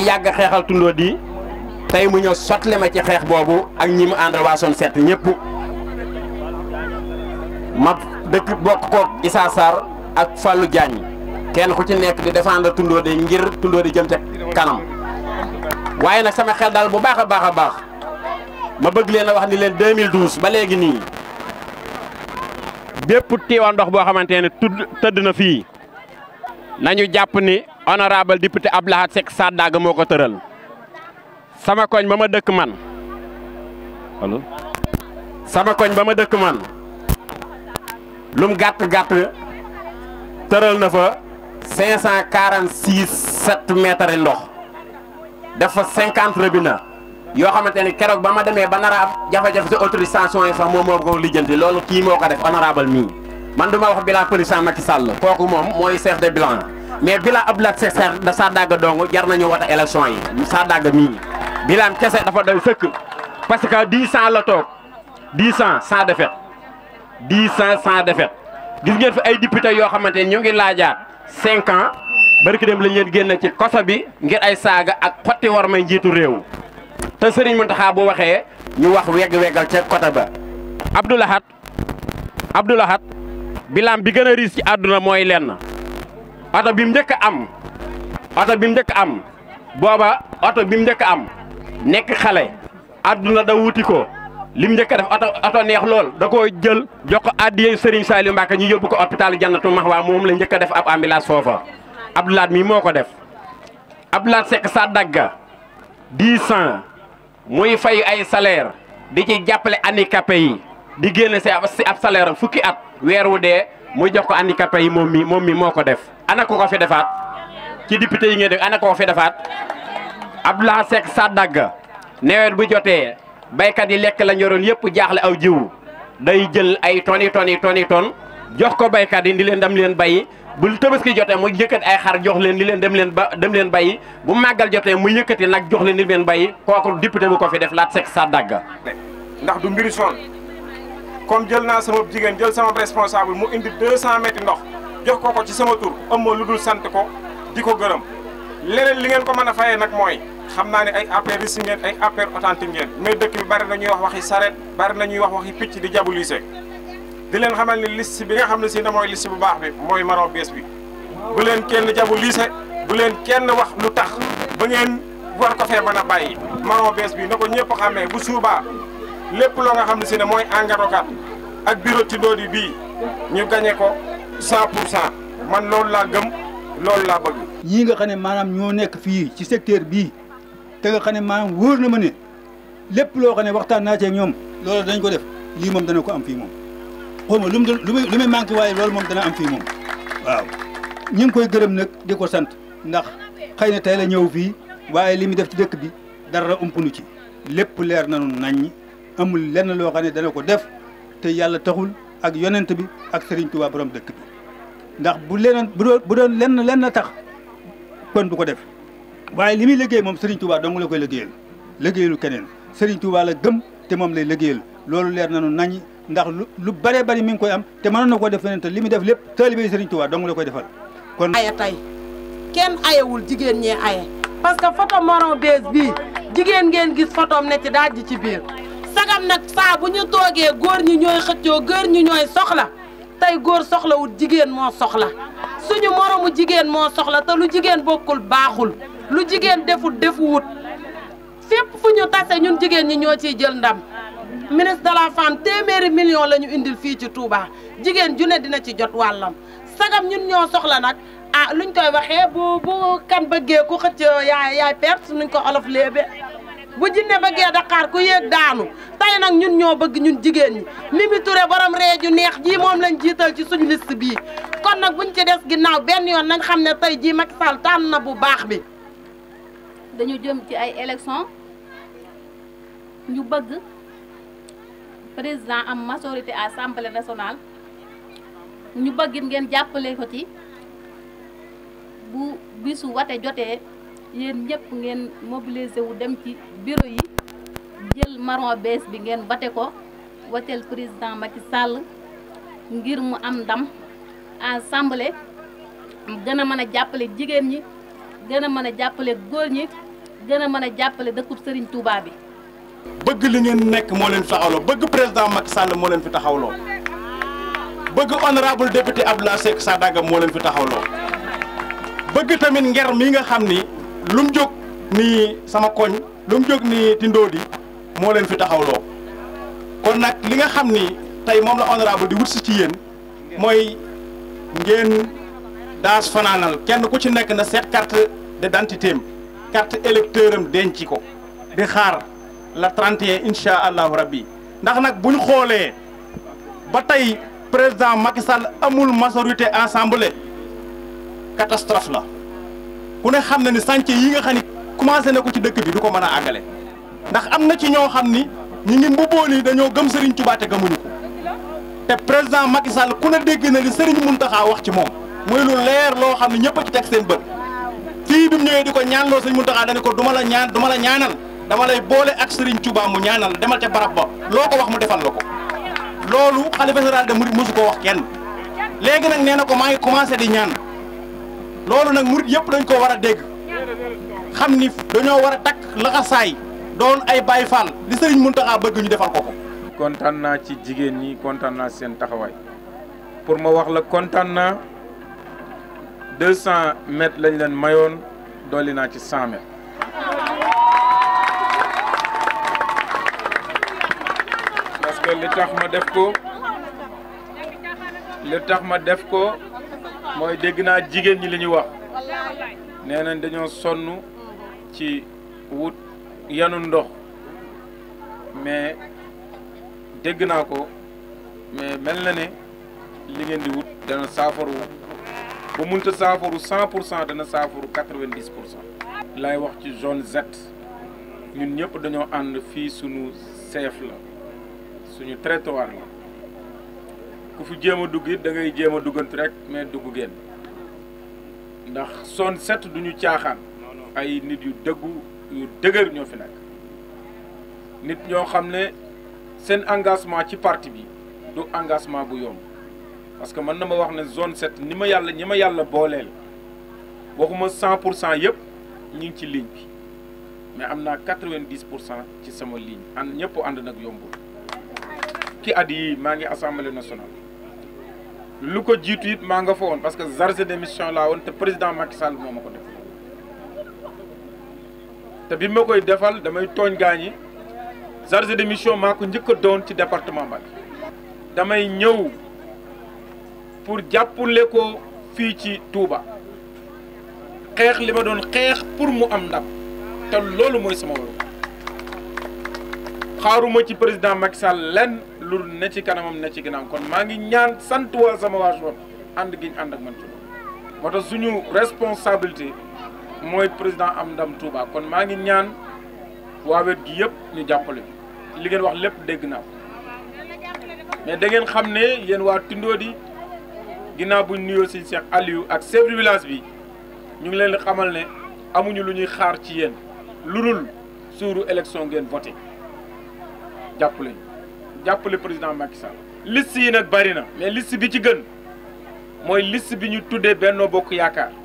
may yàgg a xeexal tundoo di tey mu ñëw sotle ma ci xeex boobu ak ñi mu àndal waa son seet ñëpp ma dëkk bokk koog Issa Sarr ak Fallou Diagne kenn ku ci nekk di défendre tundoo di ngir tundoo di jëm ca kanam waaye nag sama xel daal bu baax a baax a baax ma bëgg leen a wax ni leen 2012 ba léegi nii bépp tiiwaan ndox boo xamante ne tudd tëdd na fii nañu jàpp ni honorable député Abdou Lahad Seck Sadaga moo ko tëral sama koñ ba ma dëkk man sama koñ ba ma dëkk man lum gàtt gàtt tëral na fa 546 7 mètres ndox def fa 50 na yoo xamante ni keroog ba ma demee ba nar a am jafe-jafe si autorisation sax moom moo ko lijjanti loolu kii moo ko def honorable mii man duma wax bilan président Macky Sall kooku moom mooy chef de bilan mais bilan Abdoulaye Seck da Sadaga dong jar nañu wata élection yi Sadaga mii bilan kese dafa doy sëkk parce que 10 ans la toog 10 ans sans défaite 10 ans sans défaite gis ngeen fi ay député yoo xamante ne ñu ngi laajaat 5 ans barki dem lañ leen génn ci koso bi ngir ay saaga ak xotti war may njiitu réew te Serigne Mountakha bu waxee ñu wax wegg-weggal ca côté ba Abdou Lahad Abdou bilan bi gën a riis ci àdduna mooy lenn oto bi mu njëkk am oto bi mu njëkk am booba oto bi mu njëkk am nekk xale adduna da wuti ko li mu njëkk def oto oto neex lool da koo jël jox ko addiyee Serigne Saliou Mbacke ñu yóbbu ko hôpital Jannatu Mahwa moom la njëkk a def ab ambulance foofa Abdoulaat mii moo ko def Abdoulaat Seck sa dagga dix ans muy fay ay salaire di ci jàppale handicapé yi di génne si ab salaire fukki at weer wu dee muy jox ko handicapé yi moom mi moom mi moo ko def ana ko ko fi defaat ci député yi ngeen def ana ko ko fi defaat Abdoulaye Seck Sadaga nawet bu jotee baykat yi lekk la ñoroon yëpp jaaxle aw jiwu day jël ay toni toni toni ton jox ko baykat yi di leen dem leen bayi bu tabaski jotee mu yëkkati ay xar jox leen di leen dem leen ba dem leen bayi bu màggal jotee mu yëkkati nag jox leen di leen bayi kooku député bu ko fi def laat Seck Sadaga ndax du mbiri son comme jël naa sama jigéen jël sama responsable mu indi 200 mètres ndox jox ko ko ci sama tur am ma lu dul sant ko di ko gërëm leneen li ngeen ko mën a fayee nag mooy xam naa ni ay affaires risques ngeen ay affaires authentiques ngeen mais dëkk bi bari na ñuy wax waxi saret bari na ñuy wax waxi picc di jabulisé di leen xamal ni liste bi nga xam ne si na mooy liste bu baax bi mooy maron bees bi bu leen kenn jabulisé bu leen kenn wax lu tax ba ngeen war ko fee mën a bàyyi maron bees bi na ko ñëpp xamee bu suubaa lépp loo nga xam ne si ne mooy engarokat ak bureau Tindodi bii ñu gañe ko 100 pour cent man loolu laa gëm loolu laa bëgg. ñii nga xam ne maanaam ñoo nekk fii ci secteur bii te nga xam ne maanaam wóor na ma ne lépp loo xam ne waxtaan naa cee ñoom loolu dañ ko def lii moom dana ko am fii moom xaw ma lu mu lu muy waaye loolu moom dana am fii moom waaw ñu ngi koy gërëm nag di ko sant ndax xëy na tey la ñëw fii waaye li mu def ci dëkk bi dara ump nu ci lépp leer nañu naññ amul lenn loo xam ne dana ko def te yàlla taxul ak yonent bi ak Serigne Touba borom dëkk bi ndax bu leneen bu doon bu doon lenn lenn tax kon du ko def waaye li muy liggéey moom Serigne Touba dong la koy liggéeyal liggéeyalu keneen Serigne Touba la gëm te moom lay liggéeyal loolu leer nañu nañi ndax lu lu bëree bëri mi ngi koy am te mënoon na koo def feneen te li muy def lépp taalibe Serigne Touba dong la koy defal kon. aya tey kenn ayewul jigéen ñee aye parce que photo Maron Beuge bii jigéen ngeen gis photom ne ci daaj ci biir. sagam nag saa bu ñu toogee góor ñi ñooy xëccoo góor ñi ñooy soxla tey góor soxlawul jigéen moo soxla suñu moromu jigéen moo soxla te lu jigéen bokkul baaxul lu jigéen deful defuwut fépp fu ñu tase ñun jigéen ñi ñoo ciy jël ndam ministre de la femme téeméeri million la ñu indil fii ci Touba jigéen ju ne dina ci jot wàllam sagam ñun ñoo soxla nag ah luñ koy waxee bu kan bëggee ku xëcc yaay yaay perte nuñ ko olof léebe bu jinne bëggee daqaar ku yéeg daanu tey nag ñun ñoo bëgg ñun jigéen ñi Mimi Touré borom ree ju neex jii moom lañ jiital ci suñu liste bii kon nag buñ ci des ginnaaw benn yoon nañ xam ne tey jii Macky Sall tànn na bu baax bi dañu jëm ci ay élection ñu bëgg président am majorité à assemblée nationale ñu bëggit ngeen jàppale ko ci bu bisu wate jotee yéen ñëpp ngeen mobiliser wu dem ci bureau yi jël marron bees bi ngeen bate ko wateel président Macky sàll ngir mu am ndam assemblée gën a mën a jàppale jigéen ñi gën a mën a jàppale góor ñi gën a mën a jàppale dëkkub Serigne Touba bi. bëgg li ngeen nekk moo leen fi taxawloo bëgg président Macky Sall moo leen fi taxawloo bëgg honorable député Abdoulaye Seck Sadaga moo leen fi taxawloo bëgg tamit nger mi nga xam ni. lu jóg nii sama koñ lu mu jóg nii Tindodi moo leen fi taxawloo kon nag li nga xam ni tey moom la honorable di wut si ci yéen mooy ngeen daas fanaanal kenn ku ci nekk na seet carte de am carte électeur am denc ko di xaar la 31 incha allahu rabbi ndax nag buñ xoolee ba tey président Macky Sall amul majorité assemblée catastrophe la. ku ne xam na ni chantier yi nga xam ni commencé na ko ci dëkk bi du ko mën a àggale ndax am na ci ñoo xam ni ñi ngi mbubboo ni dañoo gëm Serigne Touba te gëmuñu ko te président Macky Sall ku ne dégg na li Serigne Mountakha wax ci moom muy lu leer loo xam ne ñëpp ci teg seen bët fii bi ñëwee di ko ñaanloo Serigne Mountakha dañu ko duma la ñaan duma la ñaanal dama lay boole ak Serigne Touba mu ñaanal demal ca barab ba loo ko wax mu defal la ko loolu xalifa général de murid mosu ko wax kenn léegi nag nee na ko maa ngi commencé di ñaan. loolu nag murit yëpp dañ koo war a dégg xam ni dañoo war a takk laxasaay doon ay Baay Faal li Sëriñ Muntaxa bëgg ñu defal ko ko. kontaan naa ci jigéen ñi kontaan naa seen taxawaay pour ma wax la kontaan naa deux cent lañ leen mayoon dolli naa ci cent mètres. li tax ma def ko li tax ma def ko. mooy dégg naa jigéen ñi li ñuy wax nee nañ dañoo sonn ci wut yanu ndox mais dégg naa ko mais mel na ne li ngeen di wut dana saafaru ba munta saafaru cent pour cent dana saafaru quatre-vingt-dix pour cent laay wax ci zone Z ñun ñëpp dañoo ànd fii suñu chef la suñu territoire la ku fi jéem a dugg it da ngay jéem a duggantu rek mais dugg génn ndax zone 7 duñu ñu caaxaan ay nit yu dëggu yu dëgër ñoo fi nekk nit ñoo xam ne seen engagement ci parti bi du engagement bu yomb parce que mën na ma wax ne zone 7 ni ma yàlla ñi ma yàlla booleel waxuma 100 pour cent yëpp ñu ngi ci ligne bi mais am naa 90 pour cent ci sama ligne ànd ñëpp ànd nag yomb ki at yii maa ngi assemblée national lu ko jiitu it maa nga fa woon parce que chargé de mission laa woon te président Macky Sall moo ko def te bi ma koy defal damay tooñ gaañi chargé de mission maa ko njëkk a doon ci département Mbacké damay ñëw pour jàppale ko fii ci tuuba xeex li ma doon xeex pour mu am ndam te loolu mooy sama waru xaaruma ci président Macky Sall lenn lu ne ci kanamam ne ci ginnaaw kon maa ngi ñaan sant waa sama waa Joal ànd gi ñu ànd ak man ci suñu responsabilité mooy président am ndam Touba kon maa ngi ñaan waa wet gi yëpp ñu jàppale li ngeen wax lépp dégg naa ko mais da ngeen xam ne yéen waa Tindodi ginnaaw buñ nuyoo si Cheikh Aliou ak chef du bi ñu ngi leen xamal ne amuñu lu ñuy xaar ci yéen lu dul suuru élection ngeen voté jàppale président Macky Sall liste yi nag bari na mais liste bi ci gën mooy liste bi ñu tuddee benn Bokk Yaakaar